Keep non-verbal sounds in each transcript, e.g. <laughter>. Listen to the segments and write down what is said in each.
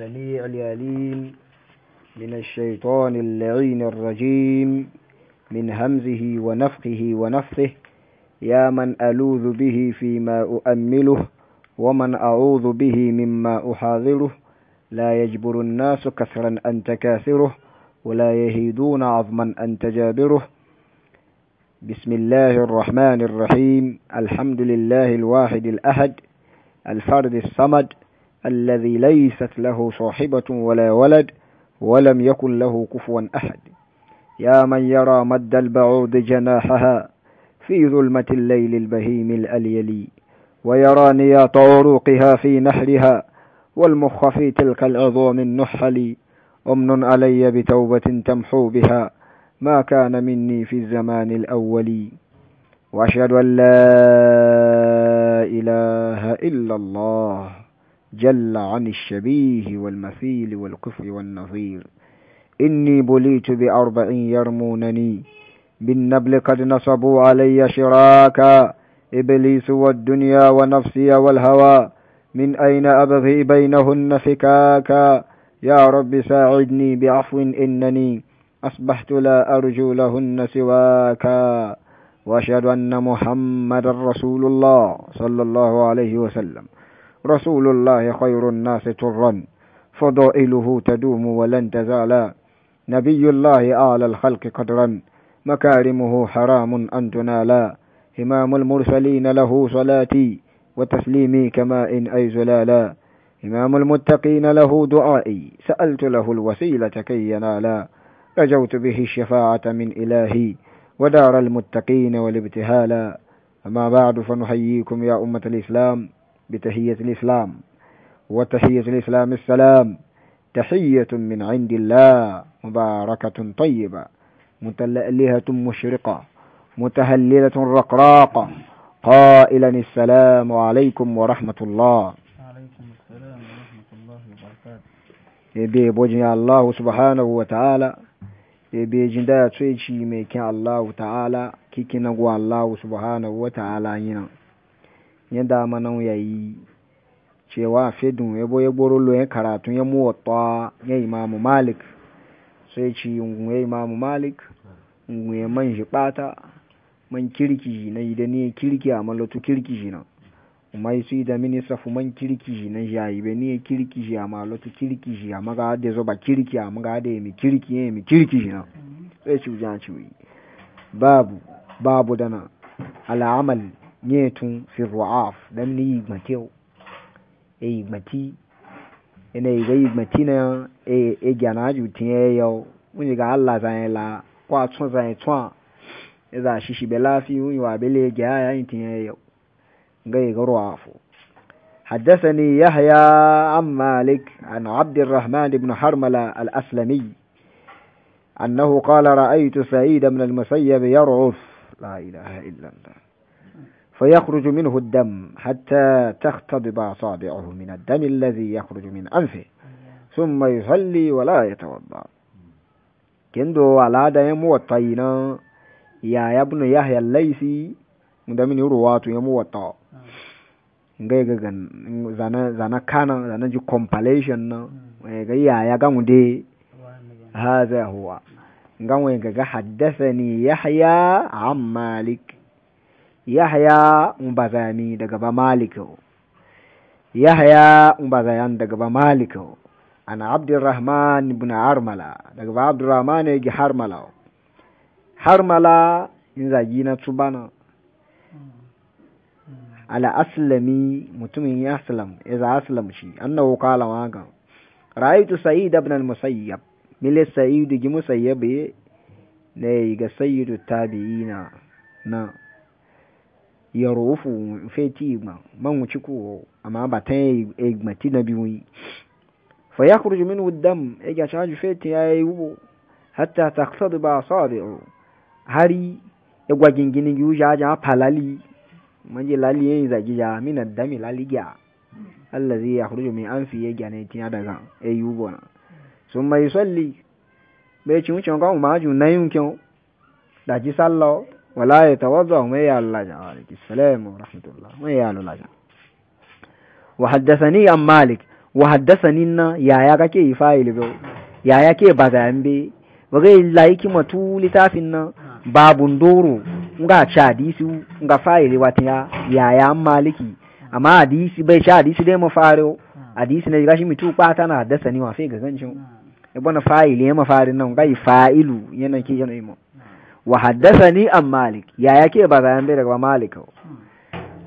السميع العليم من الشيطان اللعين الرجيم من همزه ونفخه ونفثه يا من ألوذ به فيما أؤمله ومن أعوذ به مما أحاذره لا يجبر الناس كثرا أن تكاثره ولا يهيدون عظما أن تجابره بسم الله الرحمن الرحيم الحمد لله الواحد الأحد الفرد الصمد الذي ليست له صاحبة ولا ولد ولم يكن له كفوا أحد يا من يرى مد البعوض جناحها في ظلمة الليل البهيم الأليلي ويرى نياط عروقها في نحرها والمخ في تلك العظام النحلي أمن علي بتوبة تمحو بها ما كان مني في الزمان الأولي وأشهد أن لا إله إلا الله جل عن الشبيه والمثيل والقفل والنظير إني بليت بأربع يرمونني بالنبل قد نصبوا علي شراكا إبليس والدنيا ونفسي والهوى من أين أبغي بينهن فكاكا يا رب ساعدني بعفو إنني أصبحت لا أرجو لهن سواكا وأشهد أن محمد رسول الله صلى الله عليه وسلم رسول الله خير الناس ترا فضائله تدوم ولن تزالا نبي الله أعلى الخلق قدرا مكارمه حرام أن تنالا إمام المرسلين له صلاتي وتسليمي كما إن أي زلالا إمام المتقين له دعائي سألت له الوسيلة كي ينالا رجوت به الشفاعة من إلهي ودار المتقين والابتهالا أما بعد فنحييكم يا أمة الإسلام بتحية الإسلام وتحية الإسلام السلام تحية من عند الله مباركة طيبة متلألهة مشرقة متهللة رقراقة قائلا السلام عليكم ورحمة الله عليكم السلام ورحمة الله وبركاته إبي بوجه الله سبحانه وتعالى إبي جندا تسويتشي ميكي الله تعالى كيكي نقوى الله سبحانه وتعالى ينا nye dama nan yi cewa fedun ya boye boro lo karatu ya mu muwatta ya imamu malik sai ci ya imamu malik ya man shi bata man kirki shi na da ni kirki a malotu kirki shi na mai su da mini safu man kirki shi na ya yi ni kirki shi a malotu kirki shi a maga da zo ba kirki a maga da ya mi kirki ya mi kirki shi na sai ci ujan ci babu babu dana al'amal nyetun fi ru'af dan ni yigmatiyo e yigmati ina yiga yigmati na e e gyana aju tiye yo unyi ga Allah zan la kwa tun zan tun e za shishi be lafi unyi wa bele ga ya yin tiye yo ga yiga ru'af حدثني يحيى عن مالك عن عبد الرحمن بن حرملة الأسلمي أنه قال رأيت سعيد بن المسيب يرعف لا إله إلا الله فيخرج منه الدم حتى تختضب أصابعه من الدم الذي يخرج من أنفه ثم يصلي ولا يتوضأ كندو على دم وطينا يا ابن يحيى الليثي من يرواتو يموطأ ngai ga gan zana zana kana zana ji compilation na ga yaya ga mu dai hadha huwa ngan wai ga haddathani yahya malik yahaya mbazani daga ba maliku yahaya mbazayan daga ba maliku ana abdurrahman ibn harmala daga ba abdurrahman ya gi harmala harmala in zagi na tubana ala aslami mutumin ya aslam za aslam shi an na wukala waga ra'aytu sa'id ibn al-musayyab mile sa'id gi musayyab ne ga sayyidu tabi'ina na yɛrɛ o feti ma man wuci ko amma ba ta e na biyu yi fa ya kuru min wuddam e ga shaju feti ya yi wubo hatta taqtad ba sadi'u hari e gwa gingini yu ja ja palali je lali yin zagi ja min dami lali ga allazi yakhruju min anfi ga gane ti daga e Su bona summa yusalli be ci mu ci ga ma ju nayun kyo da ji sallo wala ya tawadda mai ya lula ja wa alaiki salamu rahmatullah mai ya lula ja wa haddasa ni an malik wa haddasa ni na yaya kake yi fayil bau yaya ke ba ga yambe ba ga yi laiki matu littafin nan babun doro nga ci hadisi nga fayil wata ya yaya an maliki amma hadisi bai ci hadisi dai mafarewa hadisi na gashi mutu kwa tana haddasa ni wa fi gagancin ya bana fayil ya mafarin nan ga yi fa'ilu yana ke yana yi mafarewa وحدثني أم مالك يا يكي بابا ينبي لك مالك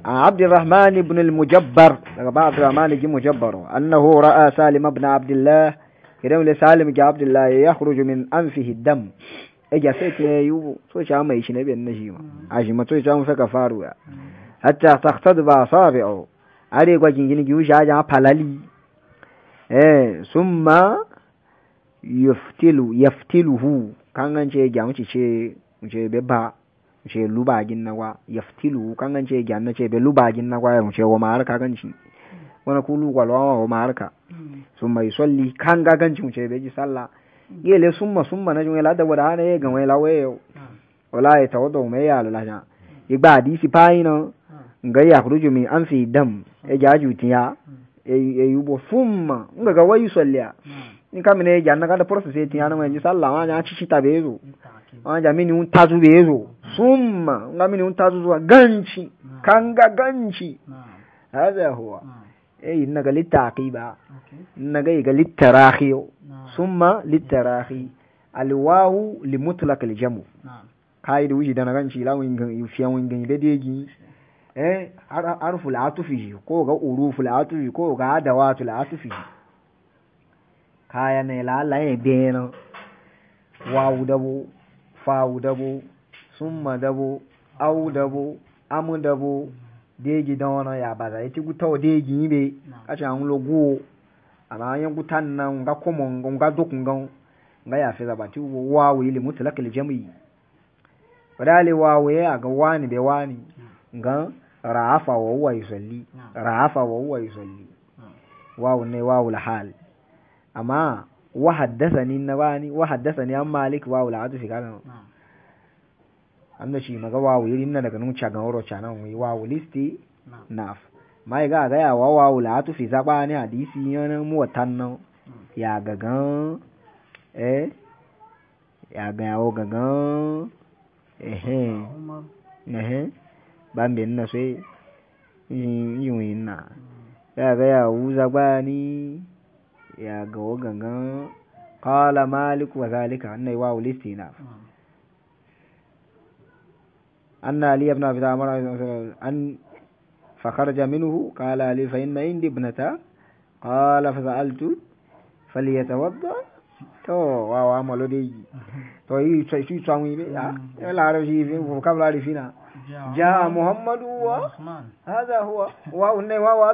عبد الرحمن بن المجبر عبد الرحمن جي مجبر أنه رأى سالم بن عبد الله كرم لسالم جي عبد الله يخرج من أنفه الدم إجا سيكي يو سوش عما يشنبي نبي النجيم عشي ما سوش عما فكا فاروا حتى تختد أصابعه أري قوة جنجين جيوش عجا فلالي إيه ثم يفتلو يفتله كان جي جامتي شيء nche be ba nche luba gin na kwa yaftilu kan kan ce gyan ce be luba ginna kwa ya nche wa mar ka kan ci wana kulu kwa lawa wa mar ka hmm. summa yusalli kan ga kan ci nche be ji sallah hmm. yele summa summa na jungela da wada ne ga wela lawe hmm. wala ya tawadda me ya lalaja igba hadisi payi no nga ya khruju min anfi dam e jaju tiya e, e yubo summa nga ga wayu salliya in kamine e ya janna ga da process ya tiya na mai ji sallah ma ya ci ci tabezo wanda mini un tazu be yezo summa ga mini un tazu zuwa ganci kanga ganci hada huwa eh naga litaqiba naga ga litarahi summa litarahi alwawu limutlaq aljamu kai da wuji da na ganci la wingin fiyan wingin da degi eh harful atufi ko ga uruful atufi ko ga adawatul atufi kaya ne la la e beno wawu dabo fawu dabo summa dabo awu dabo amu dabo deji dɔɔnɔ ya baza ya guta o deji yibe be an lo guwo ana an ye guta na nga komo nga dokun gan nga ya fe zaba ti wo wawo ile mutala kele jami wadale ya ga wani be wani ga ra'afa wa huwa yusalli ra'afa wa huwa yusalli wawo ne wawo hal amma wa haddathani nabani wa haddathani an malik wa wala atu fikana anna shi maga wa wiri nan daga nun chagan oro chana wi wa listi naf mai ga ga ya wa wa wala atu fi zabani hadisi yana mu watanno ya gagan eh ya ga yawo gagan eh eh ban bin na sai yin yin na ya ga ya wuza gbani ya gawo gangan qala malik wa zalika annai wa anna ali ibn abi amr an to to yi be ya mm. fi vocabulary ja muhammadu wa huwa wa wa wa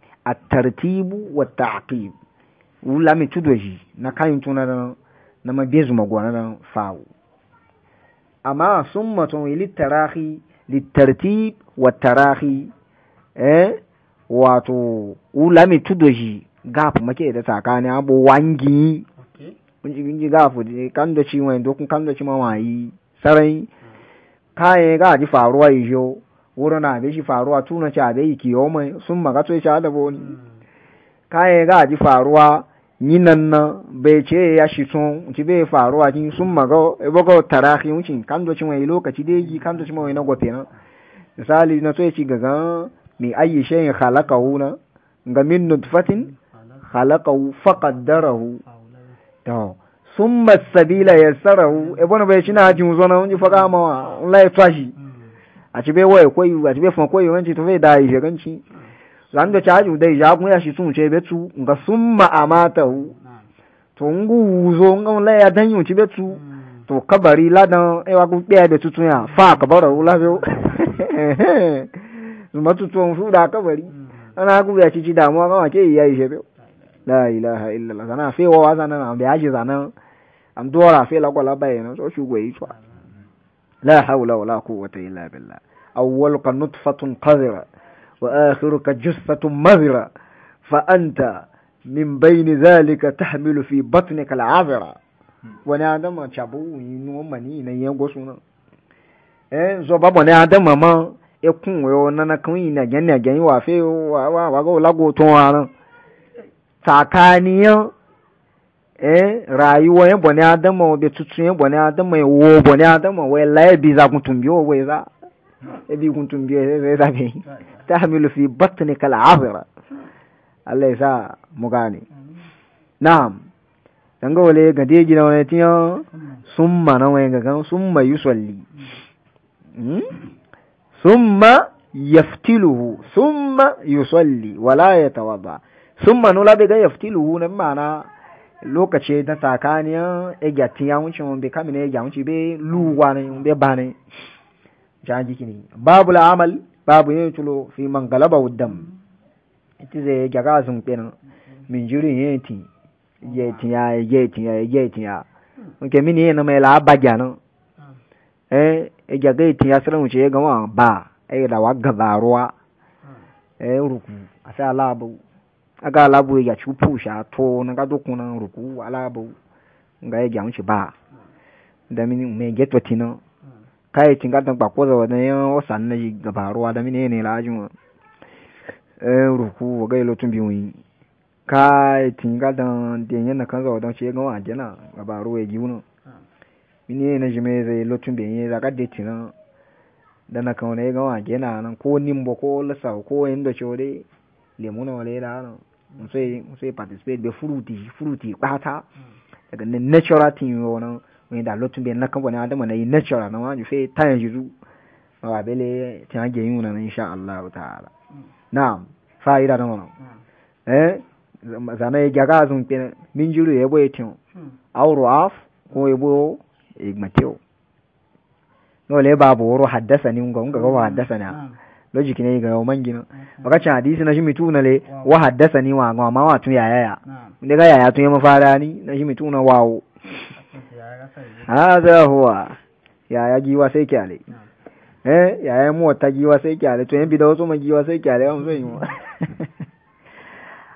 A tartibu wa ta'qib wula mi tudo ji na kayin tuna da na ma bezu gona da fawo amma summa tun yi tarahi litartib wa tarahi eh wato wula mi tudo ji gap make da tsakani abu wangi kun ji binji gafu da kan da ci wani dokun kan da ci mawayi sarai kayan ga ji faruwa yi yo wuro na be shi faruwa tuna ci be yi kiyo mai sun maga tsoye cha adabo ni kayan ga ji faruwa yinan na bai ce ya shi sun ci bai faruwa kin sun maga ebogo tarahi wucin kan do mai lokaci da yi kan do mai na gote na misali na tsoye ci gaga mai ayi shayin halaka na ga min nutfatin khalaqahu faqaddarahu Sun summa sabila yassarahu e bona bai shi na hajin zo na unji faga ma wallahi fashi a ci bai waya koyi a ci bai fan koyi wanci to bai da yi shiganci zan da caju dai ya ya shi sun ce betu ga summa amata hu to ngu zo ngan la ya dan yun ci betu to kabari ladan e wa ku da tutun ya fa kabara hu la biyo zuma tutun su da kabari ana ku ya ci ci damuwa kama ke ya yi shebe la ilaha illallah sana fe wa wa sana na bi aji sana am dora fe la ko la so shugwe yi tswa لا حول ولا قوة إلا بالله أولك نطفة قذرة وآخرك جثة مذرة فأنت من بين ذلك تحمل في بطنك العذرة وانا عندما تشابو ينو مني نيانغو سونا زبابا وانا عندما ما يكون ويونانا كوين جنة جنة وافي وغو لغو تونانا تاكانيا eh rayuwa ya bone adama be tutun ya bone adama ya eh, wo bone adama wa la ya za kuntun biyo wa za ya bi kuntun biyo ya eh, za be tahmilu fi batni kala afira Allah ya sa mu gane na'am dan ga wale ga dai gina wani tiyo summa na wani gagan summa yusalli hmm? summa yaftiluhu summa yusalli wala yatawadda summa nula daga yaftiluhu nan ma'ana lokaci na tsakaniya eh, egya tiya wuce mun be kamina ya eh, wuce be luwa ne be bane jaji kini babu la amal babu yin tulo fi man galaba wuddam ita zai egya ga sun kenan min jirin yin ti ye tiya ye tiya ye tiya nke mini yin mai la bagya nan eh egya eh, ga tiya sirrin wuce ga wa ba eh da wa gabaruwa eh ruku asa labu aga labo ya chupu sha to na ga na ruku alabo ga ya gyan shi ba da mini me geto tina kai tinga dan ba ko zawa dan yan osan na gabaruwa da mini ne lajin eh ruku ga ilo tumbi wi kai tinga dan den na kan zawa dan che ga wa jana gabaruwa gi giuna mini ne me zai lo tumbi ne za ka de tina da na kan ne ga wa na nan ko nimbo ko lasa ko inda shi dai lemuna wale da nan musai musai participate be fruity fruity kpata daga ne natural thing wono when da lotun be na kamfani adama na yi natural na wani fe tayan jiru ma ba bele ti an ge yun na insha Allah ta'ala na'am fa'ida da wono eh zana e ya gaga zun pe min juru yebo etin awru af ko ya e yebo igmateo e no le babu woro haddasa ni ngonga ko haddasa na lo ne ga man gino baka cha hadisi na shimi tuna le wa haddasa ni wa ga ma wa tun yaya ya inda ga yaya tun ya mafara ni na shimi tuna wawo <laughs> hada huwa yaya eh, yaya mu ta giwa sai kyale to yan bi da wasu ma giwa sai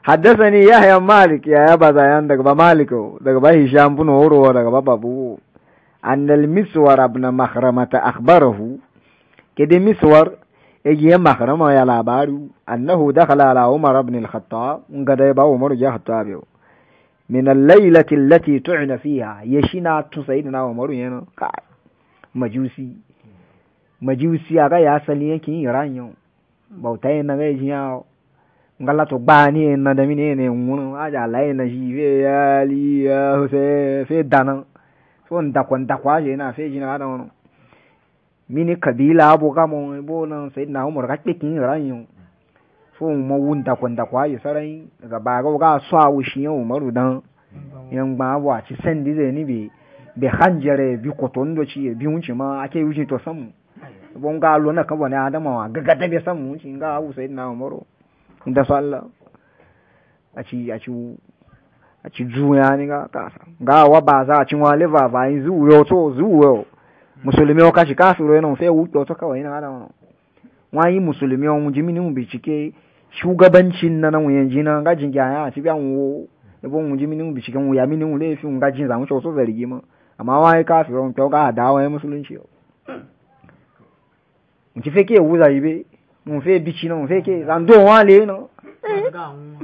حدثني يحيى مالك يا زيان مالك هشام بن بابو المسور ابن كده مسور اجي ما خرم يا لابارو انه دخل على عمر بن الخطاب غديبا عمر يا خطاب من الليله التي تعن فيها يشنا تسيدنا عمر ين مجوسي مجوسي اغا يا سلي كي رانيو بوتاي نغا جياو ngala to bani na da mini ne اجا aja lai na shi fe ya li ya fe fe dana so nda kwanda kwa je mini kabila abo kamo bo na sayyidina umar ka kikin ranyo fo mo wun da kon da kwa yi sarai ga ba ga ga so awu shi yo umaru dan yan ba abo a ci sendi ze ni bi bi hanjere bi do ci bi unci ma ake yuji to samu bon ga lo na ka bone adama wa ga ga da be samu unci ga awu sayyidina umaru da sallah a ci a ci a ci juya ni ga kasa ga wa ba za a ci wa liver ba yin zuwo to zuwo musulumi okashi kafiro yana sai wuce wata kawai yana hada wani wani musulmi wani jimini mu bincike shugabancin na nan wuyan jina ga jingi a ci biyan wo ibo mu jimini mu bincike mu ya mini mu lefi mu ga jin zamu so zargi ma amma wani kafiro mu kyau ga da wani musulunci mu ci ke wuza ibe mu fe bici na mu feke zan do wale no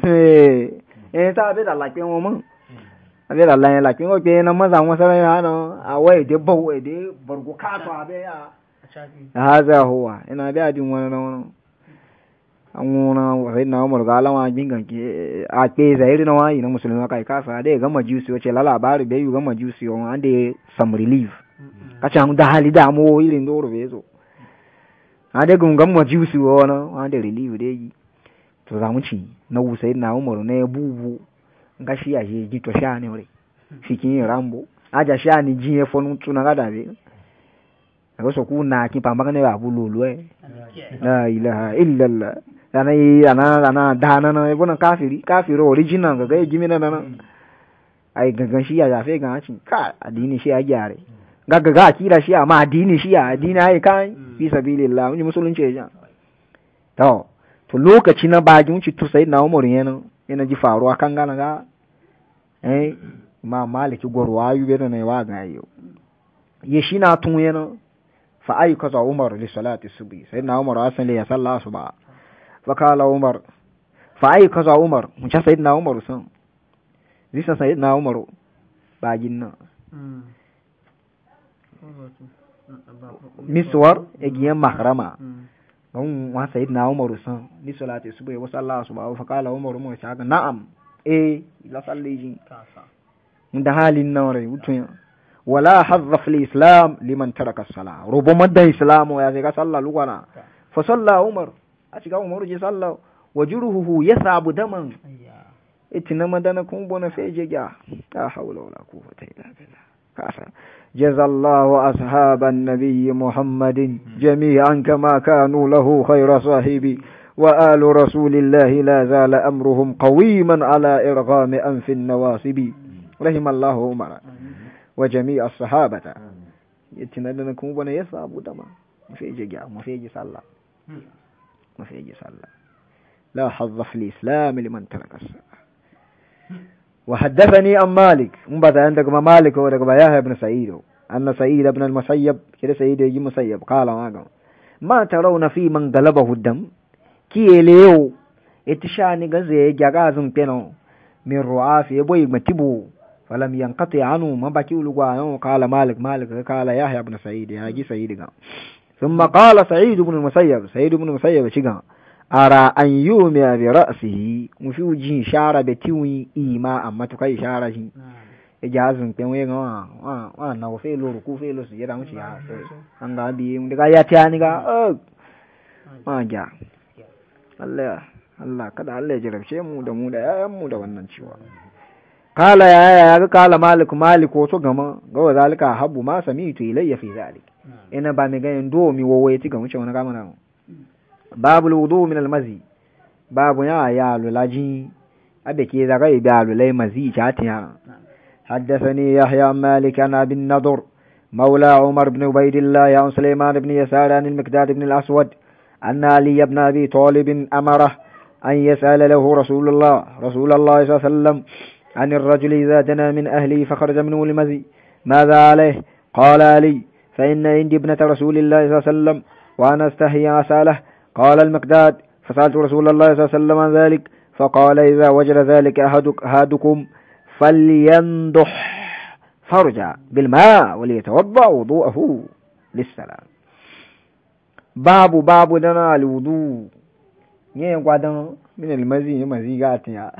eh eh ta be da lafiyan mu abe da lan la kingo pe na maza mo sa ya no awai de bo e de abe ya huwa ina da na wani amuna wa na umar ga alama ke a ke zairi na wani na musulmi kai kasa da ga majusi wace la labari ga majusi o an da some relief da hali relief to ci na usai na nga shi yaje jito shani ore Sikin rambo aja shani jiye fonu tuna ga dabe agoso kuna kipambaka ne babululwe la ilaha illa allah dana yi ana ana dana na ibuna e kafiri kafiri original ga ga jimina na ai gangan shi ya zafe ga cin ka addini shi ya gyare gaga ga akira shi amma addini shi ya addini ai kai fi sabilillah mun musulunci ya e to to lokaci na bagin ci to sai na umar yana e yana ji faruwa kan gana ga eh ma maliki yu bena ne wa ga yo ye shi na tun yana fa ayi za umar li salati subhi sai na umar asan le ya salla suba fa kala umar fa ayi za umar mun cha sai na umar sun sa sai na umar ba bagin nan miswar egiyan mahrama ban wa na umar sun ni salati subhi wa su ba fa kala umar mun cha na'am eh lasalleji da halin nawari utun wala hazza fil islam liman taraka sala rubo madda islam ya ga sallah lugana fa salla umar a shiga umaru je sallah wajruhu yasabu daman itina madana kun bona fe je ga la hawla wala quwwata illa billah kasa jazallahu ashaban nabiy muhammadin hmm. jami'an kama kanu lahu khayra sahibi وآل رسول الله لا زال أمرهم قويما على إرغام أنف النواصب رحم الله عمر وجميع الصحابة يتنادنا كم بنا يصاب دما ما في جاء ما في صلى ما في صلى لا حظ في الإسلام لمن ترك الصلاة وحدثني أم مالك مبتا عندك ما مالك ودك بياها ابن سعيد أن سعيد بن المسيب كده سعيد يجي مسيب قال ما ما ترون في من غلبه الدم kiyeleo shani gaze gyagazum peno min ru'af yebo igmatibu falam yanqati anu mabaki ulugwa yon kala malik malik kala yahya ibn sa'id ya gi sa'id ga thumma qala sa'id ibn musayyab sa'id ibn musayyab shiga. ara an yumiya bi ra'sihi mufi ujin shara be tiwi ima amma to kai shara shi hmm. ijazun pe we ga wa wa na o fe lo ku fe lo si ya mu hmm. ci ya an ga bi mu ga ya tiani ga ma ja Allah kada Allah ya jarabce mu da mu da yayan mu da wannan cewa. kala ya yaya ya ga kala maliku maliku wato gama ga wa zalika habu ma sami samitu ilayya fi zalik hmm. ina ba mai ganin do mi wowo yati ga muce wani gamana mu babu wudu min al mazi babu ya ya lulaji abe ke zaga ya lulai mazi chatiya حدثني يحيى مالك عن bin Nadur مولى عمر بن عبيد الله عن سليمان بن يسار عن المقداد بن الاسود أن علي بن أبي طالب أمره أن يسأل له رسول الله رسول الله صلى الله عليه وسلم عن الرجل إذا دنا من أهله فخرج منه لمزي ماذا عليه قال علي فإن عندي ابنة رسول الله صلى الله عليه وسلم وأنا أستحي أسأله قال المقداد فسألت رسول الله صلى الله عليه وسلم عن ذلك فقال إذا وجد ذلك أحدكم فلينضح فرجا بالماء وليتوضأ وضوءه للسلام babu babu dana alwudu nye gwadan min almazi ne mazi ga tinya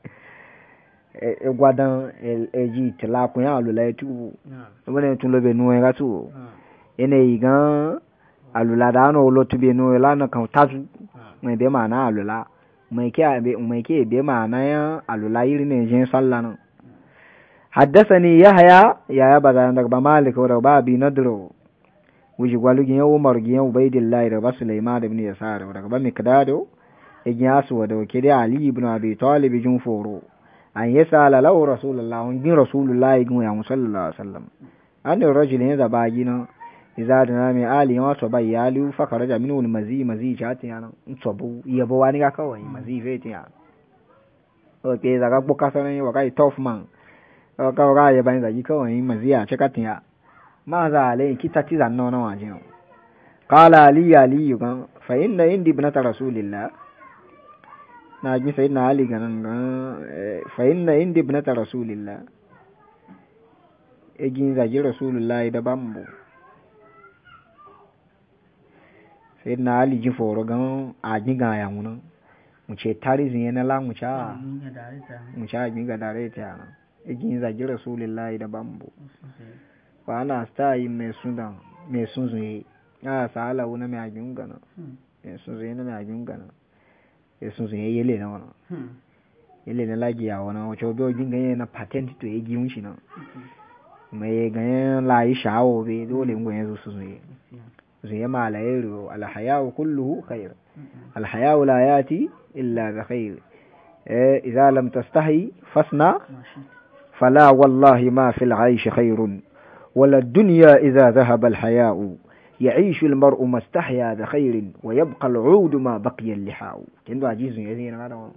<laughs> e, e gwadan e, e ji tila ya alula tu ne tun lobe nu e ga tu ene igan alula da no lo tu be nu la na kan tu me be na alula me ke be me ke be na ya alula yiri ne jin sallana حدثني يحيى يا ابا ذا مالك وروى ابي ندرو wuji gwalu gin yau umar gin yau lai da ba sulaiman ibn yasar da ba mikdado igin su wa da wakili ali ibn abi talib jin foro an yasala lahu rasulullah gin rasulullah gin ya sallallahu alaihi wasallam an rajul ne da bagi na iza da na mai ali wa to bai ya lu fa karaja min wal mazi mazi ta yana to bu ya bo wani ga kawai mazi ta yana o ke za ga bukasa ne wa kai tough man ka ga ya ban za gi kawai mazi a chakatin yana ماذا عليك تتزا نونا واجنو قال علي علي فإن عندي ابنة رسول الله ناجي سيدنا علي فإن na ta رسول الله egin zagi rasulullahi da bambo sai na ali ji foro gan aji ga ya mu mu ce tarizin yana la mu cha mu cha aji ga dare ta egin zagi rasulillah da bambo وانا استاي مسوندا مسونزي اه سالا ونا ما جونغانا مسونزي نا ما جونغانا مسونزي يلي نا يلي نا لاجي او نا وچو بيو جونغان نا باتنت تو اي جونشي نا ما يغان لا يشا او بي ولا الدنيا إذا ذهب الحياء يعيش المرء ما استحيا ذا خير ويبقى العود ما بقي اللحاء كندو عجيزون يزين هذا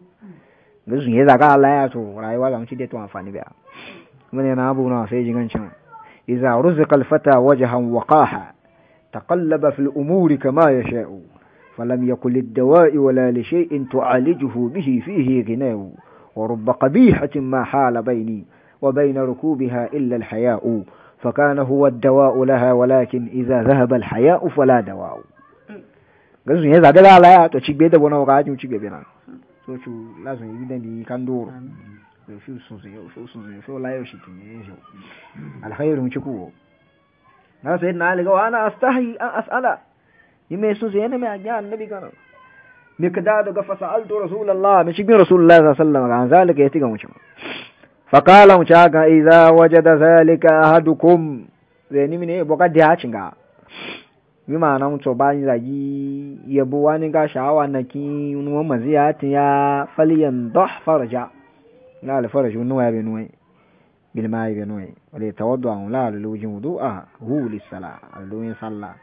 نزون يزا قال الله يأتو رأي واضح مشيدة وانفان بها من ينابو نافي جنان شان إذا رزق الفتى وجها وقاحا تقلب في الأمور كما يشاء فلم يقل الدواء ولا لشيء تعالجه به فيه غناء ورب قبيحة ما حال بيني وبين ركوبها إلا الحياء فكان هو الدواء لها ولكن إذا ذهب الحياء فلا دواء gazu ne zabe la la to chigbe da bona ga ajin chigbe bena so chu la zo yi dan bi kan doro so fi sun sun yo so sun sun so la yo shi tin ne yo al khairu chu ku na sai na le ga ana astahi an asala yi yime sun sun ne mai ajin annabi kana me kada daga fasaltu rasulullah me chigbe rasulullah sallallahu alaihi wasallam ga an zalika ya tiga mu faqala shaga idza wajada zalika ahadukum zeni mine boka dia chinga mi mana mutu bani zagi yabo wani ga sha'awa na ki nuwa maziyati ya faliyan dah faraja na al faraju nuwa ya benuwa bil mai benuwa wale tawaddu an la lujin wudu'a ah, hu lis sala alluin salla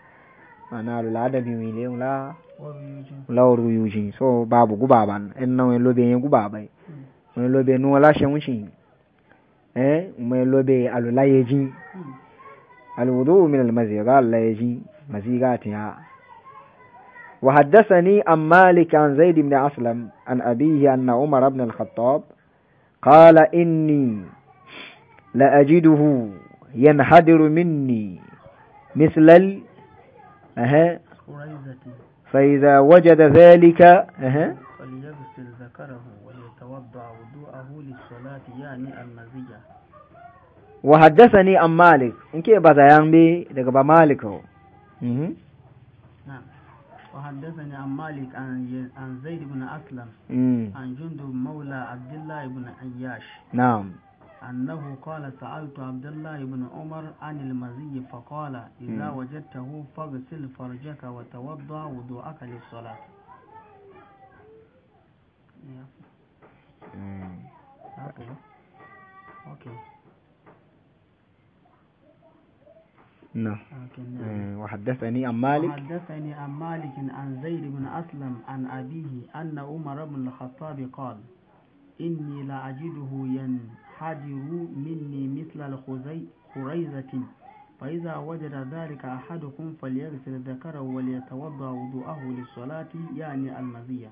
mana al ladabi mi le la lawru yujin so babu gubaban en nan lobe gubabai hmm. wani lobe nuwa lashe mushin وحدثني عن مالك عن زيد بن أسلم عن أبيه أن عمر بن الخطاب قال إني لأجده ينحدر مني مثل أها فإذا وجد ذلك أها فليغسل ذكره وليتوضع وضوءه للصلاة يعني المزية wa haddasani an malik in ke ba zayan bi daga ba malik ho wa haddasani an malik an zai ribu na aslam an jundu maula abdullahi ribu ayyash na'am an na hukola ta'altu abdullahi ribu na umar an ilmazi yi fakola ila wajen ta faga til farje ka wata wadda aka le sola نعم, نعم. آه، وحدثني عن مالك وحدثني عن مالك عن زيد بن أسلم عن أبيه أن عمر بن الخطاب قال إني لأجده ينحدر مني مثل الخريزة فإذا وجد ذلك أحدكم فليغسل ذكره وليتوضأ وضوءه للصلاة يعني المذية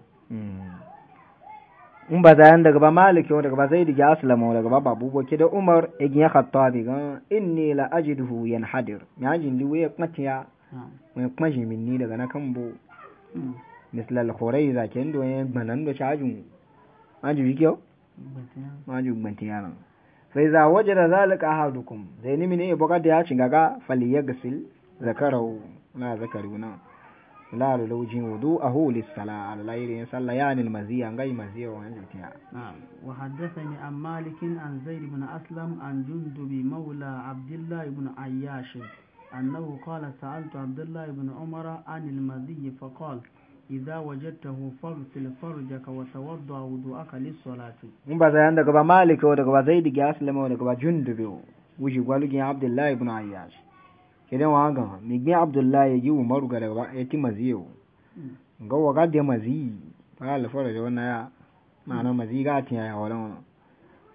un ba zayan daga ba maliki wa daga ba zaid ya aslama daga ba babu ko da umar igin ya khattabi gan inni la ajiduhu yanhadir ya ajin li waye kwatiya mai hmm. kuma jiminni daga na kambo hmm. misal al khuraiza ken do yan banan do Maji maju kyau? Maji gbanti yana sai za wajada zalika ahadukum zaini ne ya bugada ya cingaga faliyaghsil zakarau na na. lalu lawji wudu'ahu lis-salah ala layrin sallayan al-maziya ngai maziya wa ntiya na'am wa haddathani an malik an zaid bin aslam an jundub mawla abdullah ibn ayyash annahu qala sa'altu Abdullahi bin umara an al-maziy faqala idza wajadtahu faghsil farjaka wa tawadda wudu'aka lis-salati mun ba zayan daga ba malik daga ba zaid ibn aslam daga ba jundub wuji gwalu Abdullahi bin Ayyashi. kidan wa ga mi gbe abdullahi ji umaru ga daga ya ti maziyo mm. ga wa ga de mazi ba al fara da wannan ya ma'ana mazi ga tin ya wannan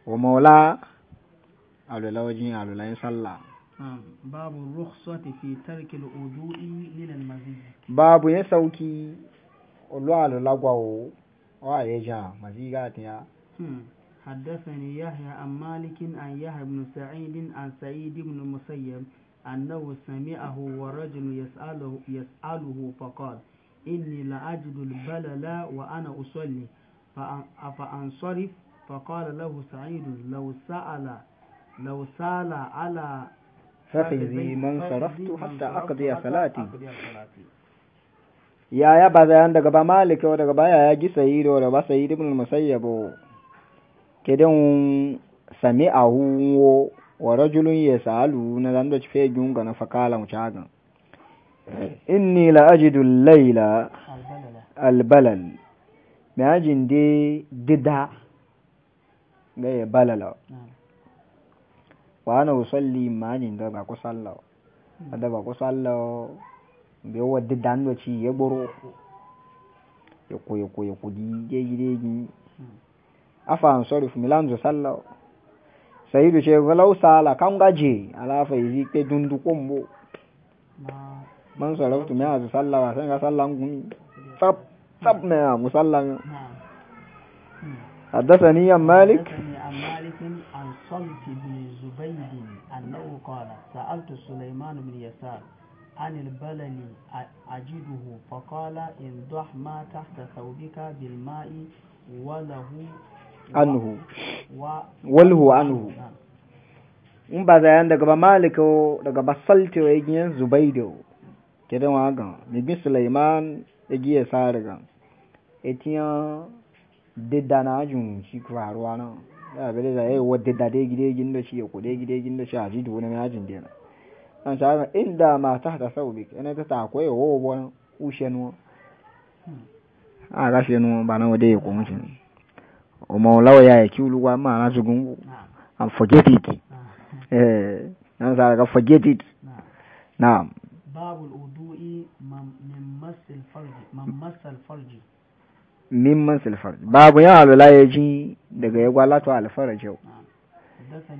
wa maula alula wajin alula in sallah babu rukhsati fi tarki al-wudu'i min mazi babu ya sauki ulu alula gwawo wa ya ja mazi ga tin ya حدثني يحيى عن مالك عن يحيى بن سعيد عن سعيد بن مسيب أنه سمعه ورجل يسأله, يسأله فقال إني لأجد البلل وأنا أصلي فأنصرف فقال له سعيد لو سأل لو سأل على فخذي من صرفت حتى أقضي صلاتي يا يا بزيان دغبا مالك ودغبا يا يا جي سيد ودغبا سيد بن المسيب كدن سمعه wa rajulun yasalu na zando ci fe gunga na fakala mu cagan inni la ajidu layla albalal me ajin de dida ga ya balala wa ana usalli ma ajin da ba ku sallawa da ba ku bai wa dida ndo ci ya buru ya koyo koyo ko ya kudi ya yi afa an sorry fu zo sayidu ce walau sala kan je ala yi ke dundu kombo man sarautu me azu sallah sai ga sallan gumi tsab tsab me a musallan حدثني عن مالك عن عن البلل أجده فقال ما تحت ثوبك بالماء وله anhu walhu anhu in ba zayan daga ba maliko daga basalti wa igiyan zubaido kidan waga migin suleiman igiya sariga etiyan didda na ajin shi kuraruwa na ya bere da yayi wadda da dai gide shi ya kude gide shi a dubu wani ajin dena an shara inda ma ta ta saubik ina ta ta a rashenuwa ba ya kuma shi umawulawo yaye kiwulukwa amala azungu am forget it ah. eh ka forget it ah. na'am wudu'i min farji masal farji min farji babu ya alula yaji daga ya gwalato alfarajau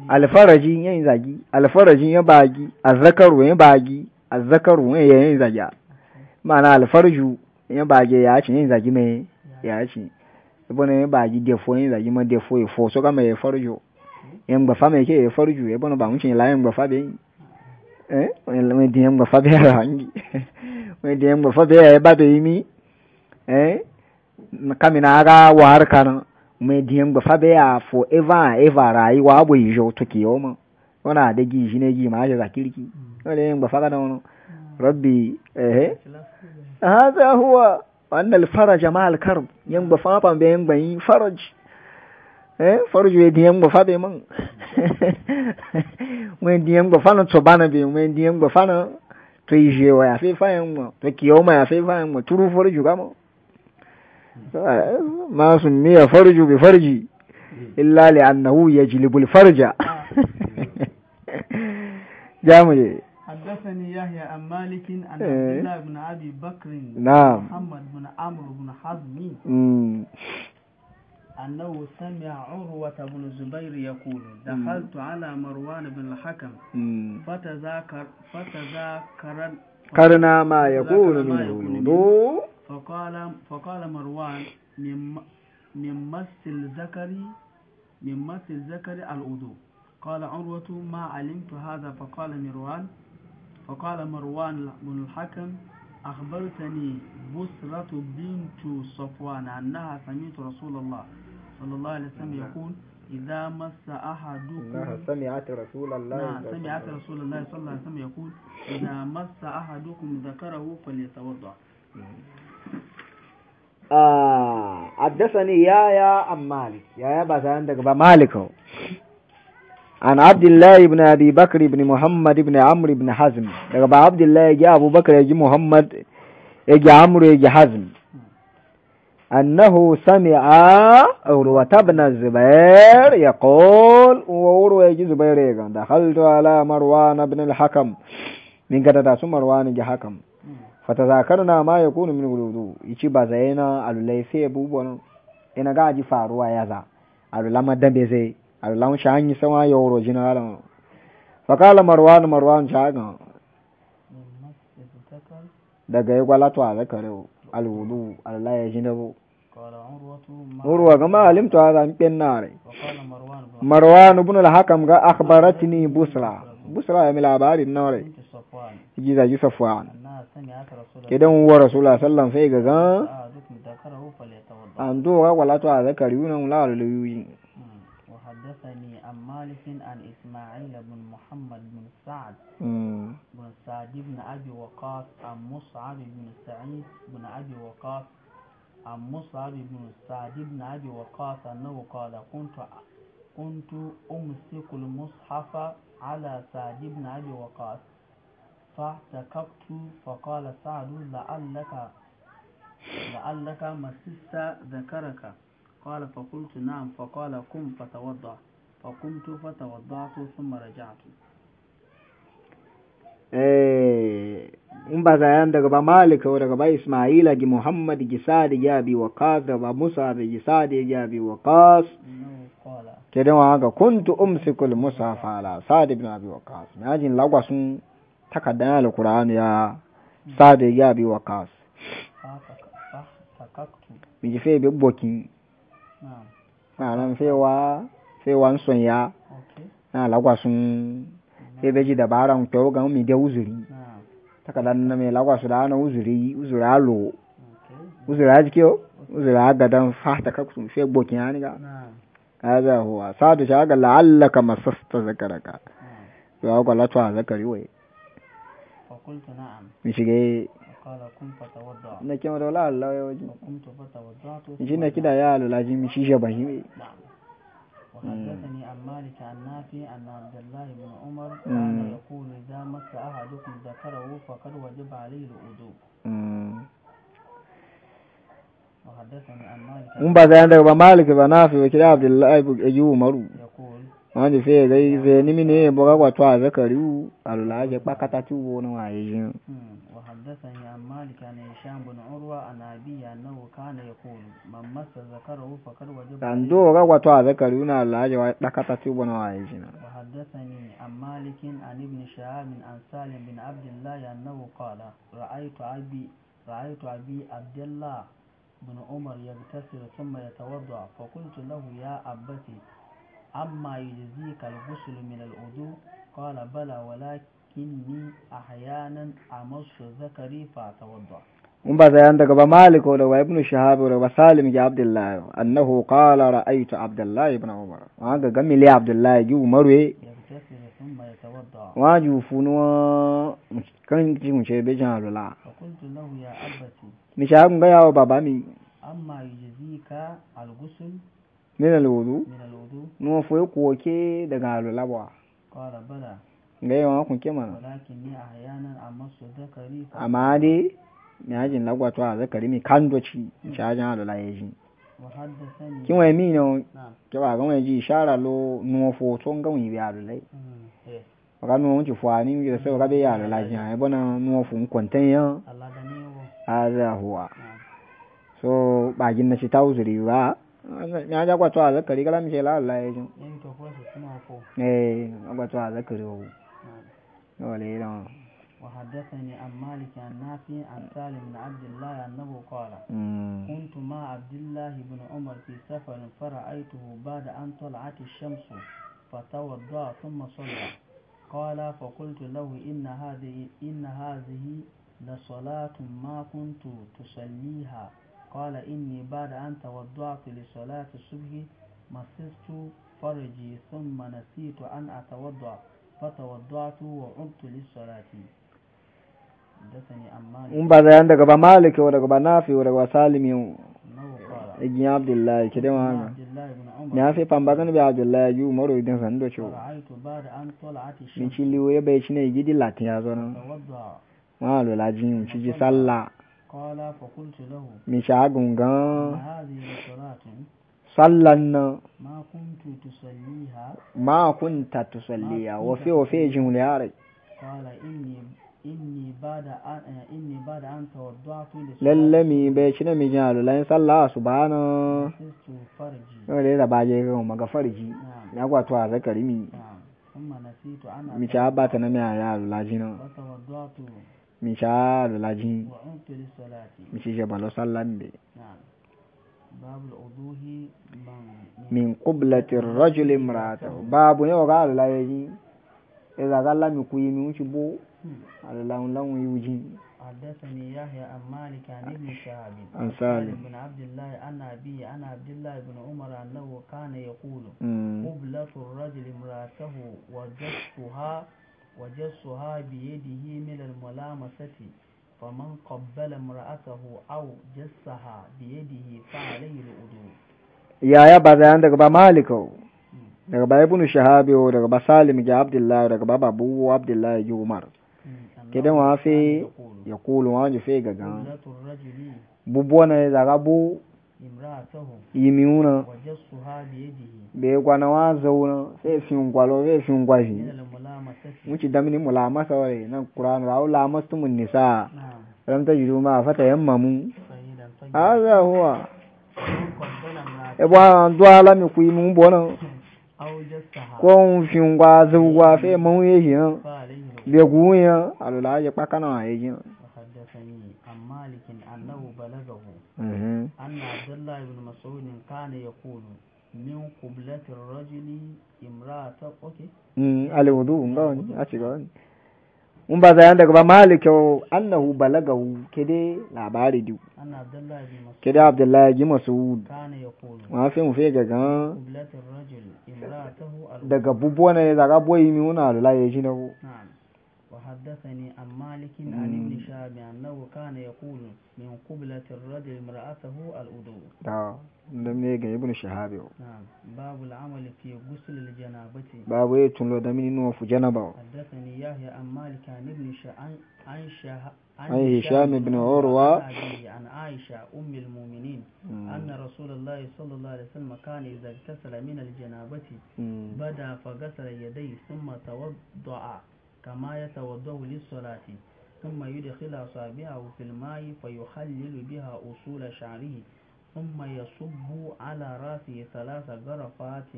alfarajin yayin zagi alfarajin ya bagi azzakaru ya bagi azzakaru ya zagi ma'ana alfarju ya bage ya ci zagi mai ya ci ibona ya ba ji defo yin zagi ma defo ya fo so kama ya farjo yan gbafa mai ke ya farjo ya bana ba mun cin layan gbafa bai eh mai di yan gbafa bai ra hangi mai di yan gbafa bai ya ba bai mi eh kami na ga wa harka nan mai di yan gbafa bai ya fo ever eva abu yi jo to o yoma ona de gi ji ne gi ma kiriki. zakirki mm. wala yan ka na nan mm. rabbi eh hada huwa Wannan faraja ma alkarm yan ba fa ba yan ba yin faraj eh faraj we diyan ba fa be man we diyan ba fa to bana be we diyan ba fa na to ije wa ya fe fa yan mo to ki o ma ya fe fa yan mo turu faraj ga mo ma sun miya farju bi farji illa li annahu yajlibul farja jamu حدثني يحيى عن مالك عن إيه. عبد الله بن ابي بكر نعم محمد بن عمرو بن حزم أنه سمع عروة بن الزبير يقول دخلت على مروان بن الحكم فتذاكر فتذاكر قرنا ما يقول من الوضوء فقال فقال مروان من مس الذكر من مس الذكر الوضوء قال عروة ما علمت هذا فقال مروان فقال مروان بن الحكم أخبرتني بسرة بنت صفوان أنها سمعت رسول الله صلى الله عليه وسلم يقول إذا مس أحدكم أنها سمعت رسول الله نعم سمعت رسول الله صلى الله عليه وسلم يقول إذا مس أحدكم ذكره فليتوضع آه حدثني يا يا أم مالك يا يا بس عندك مالك هو عن عبد الله بن أبي بكر بن محمد بن عمرو بن حزم لقب عبد الله يجي أبو بكر يجي محمد يجي عمرو يجي حزم أنه سمع عروة بن الزبير يقول وعروة يجي زبير يقول دخلت على مروان بن الحكم من قد تاسو مروان يجي حكم فتذاكرنا ما يكون من الوضوء يجي بزينا على أبو بن إنا قاعد يفاروا ya على لما lulama dambe sama ya sawa yoro jinala fakala marwan marwan shaga daga yi gwalatu a zakare alwudu Allah ya ji dabo urwa gama alimtu zan min nare marwan ibn al-hakam ga akhbaratni busra busra ya mi labarin nare ji da yusufan kidan wa rasulullah sallallahu alaihi wasallam sai ga zan. an do ga gwalato a zakari nan la aluyi حدثني عن مالك عن إسماعيل بن محمد بن سعد بن سعد بن أبي وقاص عن مصعب بن سعيد بن أبي وقاص عن مصعب بن سعد بن أبي وقاص أنه قال كنت كنت أمسك المصحف على سعد بن أبي وقاص فاعتكفت فقال سعد لعلك لعلك مسست ذكرك قال فقلت نعم فقال قم فقمت ثم رجعت in ba daga ba malik daga ba ismaila gi muhammad gi sadi ya bi waqas da ba musa da gi sadi ya bi waqas ke da haka kuntu umsikul mushafa ala sadi ibn abi waqas na jin lagwasun takaddan alqur'ani ya sadi ya bi waqas fe bi bokin nan fewa fewan sonya na lagwasun sai beji dabaran kyau ga mu da uzuri takadan na mai lagwasu da na uzuri uzuri alo uzuri ajike uzuri agadan fata ka sun fe gbokin yani ga za huwa sadu shaga la'allaka masasta zakaraka ya gwala to zakari wai fa qultu na'am mi shige na kyan da wala Allah ya waje shi na kida ya alulaji mi shi shaba shi mai وحدثني عن مالك عن نافع عن عبد الله بن عمر كان يقول إذا مس أحدكم ذكره فقد وجب عليه الوضوء وحدثني عن مالك من بعد عندك مالك بن نافع وكذا عبد الله بن عمر wanje fe dai ve ni mine bo ga kwatwa ve kariu alu la je pa kata tu wo no ayi hmm wa hadatha ya malika ne shambu na urwa na wo kana yakulu mamma sa zakara wo fa kar waje dan do ga kwatwa ve kariu na la je da kata tu wo no ayi hmm wa hadatha an ibn shahab min ansal bin abdullah ya na wo qala abi ra'aytu abi abdullah bin umar yaghtasil thumma yatawaddu fa lahu ya abati أما يجزيك الغسل من الوضوء قال a ولكني أحيانا أمص ذكري wadda. in ba sai daga ba Malik da wa Ibn da ba Salim ya Abdullahi annahu qala ra'aytu Abdullahi ibn Umar wa ga ga mili Abdullah ji Umaru wa ju funuwa kan ji mun ce be jan rula mi sha mun ga yawo baba mi amma al-ghusl min al-wudu min al nuwa foye kuwa ke daga alulabwa ga yawan hakun ke mana amma dai mai hajjin lagwato a zakari mai kandoci ci hajjin halala ya ji kin waye mi ne ke ba gama ji shara lo nuwa foto gama yi bi alulai mm, waka nuwa wunci fuwa ni mi da sai waka bai alula ji a yabona nuwa fun kwantan yan a zahuwa so bagin na shi ta uzuri ba nyaja kwa twa zakari kala mshela Allah yejo eh kwa twa zakari wo wale ila وحدثني عن مالك عن نافع عن سالم بن عبد الله انه قال كنت مع عبد الله بن عمر في سفر فرأيته بعد أن طلعت الشمس فتوضأ ثم صلى قال فقلت له إن هذه إن هذه لصلاة ما كنت تصليها قال إني بعد أن توضعت لصلاة الصبح مسست فرجي ثم نسيت أن أتوضع فتوضعت وعدت للصلاة in ba zayan daga ba malik wa ba na wa daga ba salimi igin abdullahi ke dai mahana ne hafi pambazan bi abdullahi yu maro idin san cewa min ci ya bai shi gidi latin ya zo ma ci قال فقلت له مشاغن غان هذه صلاة صلنا ما كنت تصليها ما ba da lalle mi be na da baje ga maga farji ya kwato a zakarimi mi ta ba na mi ya lajina mi sha da lajin mi shi jabalo sallan de min kublatin rajuli imra'atahu babu ne ga Allah yayi idza galla mi kuyi mi wuci bo Allah lan wi wuji حدثني يحيى عن مالك عن ابن شهاب ملامسة فمن قبل امرأته أو جسها بيده فعليه الوضوء يا يا بزيان دغبا مالكو دغبا ابن شهاب دغبا سالم جا عبد الله دغبا بابو عبد الله جي عمر كده ما في يقول ما في غغان بوبونا دغبو yimiuna beegwana wazauna sefingwalo vefingwavi muchidamini mulamasa wale na kuranu au lamas tumunnisa lam tajiduma fatayammamu aza huwa ebwa ndwala mikuimu bona ko fiungwa zuwa fe mawu yehina beguya pakana kwakana na Mm-hmm. أن عبد الله بن مسعود كان يقول من قبلة الرجل امرأة أوكي mm-hmm. وضوء مباني أشيغاني mun ba zayen daga ba malikau annahu balagahu kede labari du kede abdullahi ji masud ma fi mu fega ga daga bubuwa ne daga boyi mi wuna lula ya ji na وحدثني عن مالك عن ابن شهاب انه كان يقول من قبلة الرجل امرأته الأدو نعم. نيجا ابن شهاب نعم باب العمل في غسل الجنابة باب يتن لو دم نوف في جنابة حدثني يحيى عن مالك عن ابن شهاب عن هشام بن عروة عن عائشة أم المؤمنين أن رسول الله صلى الله عليه وسلم كان إذا اغتسل من الجنابة بدا فغسل يديه ثم توضأ كما يتوضأ للصلاة ثم يدخل أصابعه في الماء فيخلل بها أصول شعره ثم يصب على رأسه ثلاث غرفات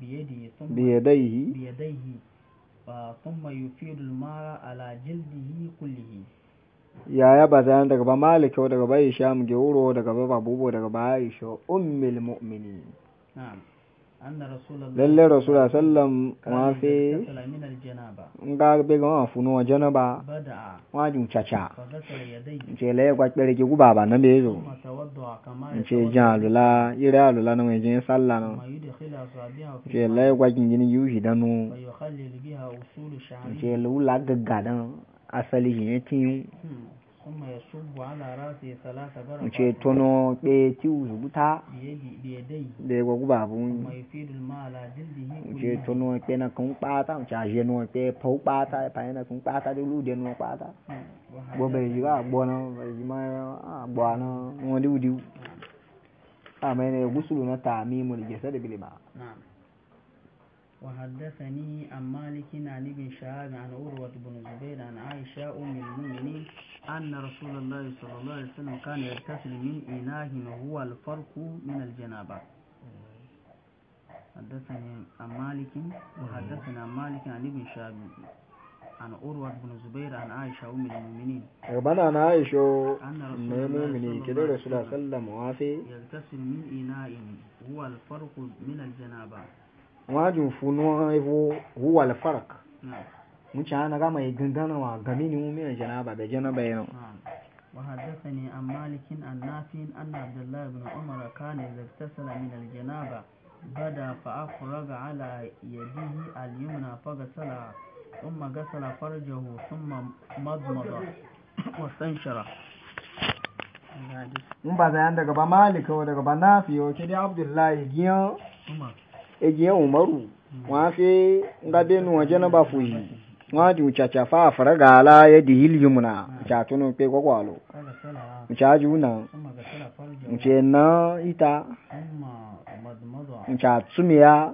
بيده ثم بيديه, بيديه ثم يفيد الماء على جلده كله يا يا بزان دغ ba malik daga ba isham gewuro دغ ba babubo daga ba aisha ummul mu'minin na'am lallai rasulullah sallam wọn fi nga be gan wọn funu janaba wọn caca nce lẹyìn kwa kpere ki guba ba nan bezo nce jan alula ire alula na wọn jin salla yi ce tono ɗe ciwu zubuta da ya gwagu babun ce tono ɗe na kan ɓata ce a je nuwa ɗe fau ɓata ya fahimta kan ɓata da lu da nuwa ɓata bo bai ji ba bo na bai ji ma a bo na diwu diwu a mai na gusulu na tami mulgisa da bilima وحدثني عن مالك عن ابن شهاب عن عروة بن زبير عن عائشة أم المؤمنين أن رسول الله صلى الله عليه وسلم كان يغتسل من إناه وهو الفرق من الجنابة حدثني عن مالك وحدثنا عن مالك عن ابن شهاب عن عروة بن زبير عن عائشة أم المؤمنين ربنا أنا عائشة أم المؤمنين كده رسول الله صلى الله عليه وسلم وافي يغتسل من إناء هو الفرق من الجنابة واجب فنوه هو الفرق نعم mucha na gama yi gangana wa game ni mu mina janaba da janaba yana wa haddasa ne an malikin an nafin an na abdullahi ibn umar kane zartasala min aljanaba bada fa'akuraga ala yadihi alyumna faga sala umma gasala farjahu summa madmada wa sanshara mun ba bayan daga ba malika wa daga ba nafi wa ke dai abdullahi giyan umaru wa fi ngabe nuwa jana ba fuyi waji uchacha fa faraga ala yadi hil yumna uchatu no pe kwa kwalo uchaju na na ita ucha sumiya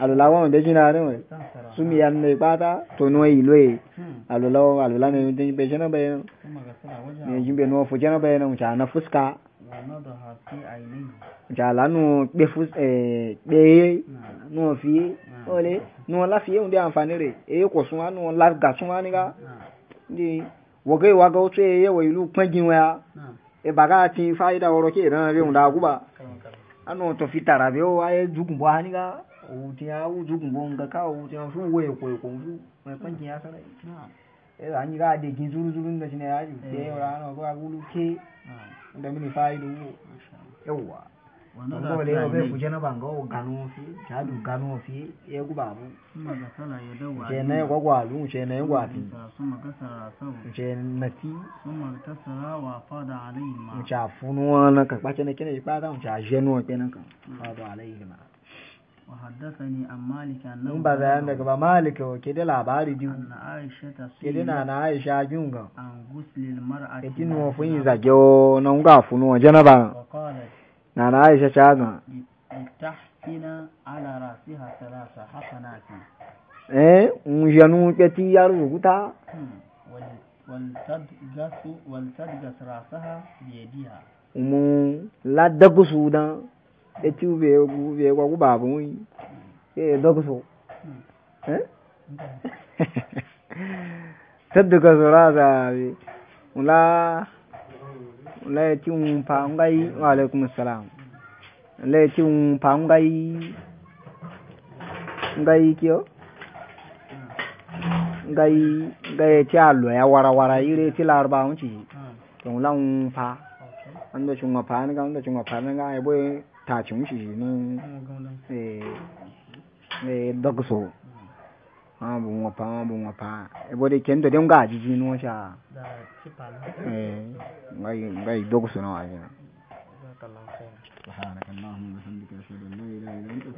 alulawa mbe jina ne we tsumia ne bata to no e ilwe alulawa alula ne din be jina be ne jimbe no fo jina be na na fuska ucha lanu be fus eh be no fi ole nuwa la fiye ndi amfani re e ko sun wa nuwa la ga sun wa ni ga ndi woge wa ga otu ye wa ilu pangin wa e baga ti faida woro ke ran re unda guba anu to fitara be o aye jugun bo ani ga o ti a u jugun bo nga ka o ti a sun we ko ko su me pangin ya sara e anyi ga de gin zuru zuru nga shine ya ji e ora no ko agulu ke nda mini faidu yawa ngole obe kujena banga oganu fi chadu ganu fi yegu eh, babu chene hmm. kwa kwalu chene yegu afi chene nati mcha funuwa na kakpa chene kene ipata mcha jenua kene ka fadu alayhi ma وحدثني عن مالك أنه من بعد عندك مالك كده لاباري ديو أن عائشة كده نانا عائشة جونغا عن غسل المرأة كده نوفين زجو نونغا فنو جنبا وقالت na na aisha cagan tahtina ala rasiha thalatha hasanati eh unjanu peti ya rubuta waltadgasu waltadgas rasaha biyadiha umu la dagusu dan eti ube ube kwa kubabu eh dagusu eh tadgasu rasaha bi ula le chi un pa ngai wa alaikum assalam le chi pa ngai ngai kio ngai ngai ti alo ya wara wara ire ti larba un chi tong la pa an do chung pa na an chung pa bo ta chung eh eh dog so An bò wọn pa an bò wọn pa ebode de nga ajiji ni wọn sha eh ngai ngai dogo sona wa ya la ilaha illa anta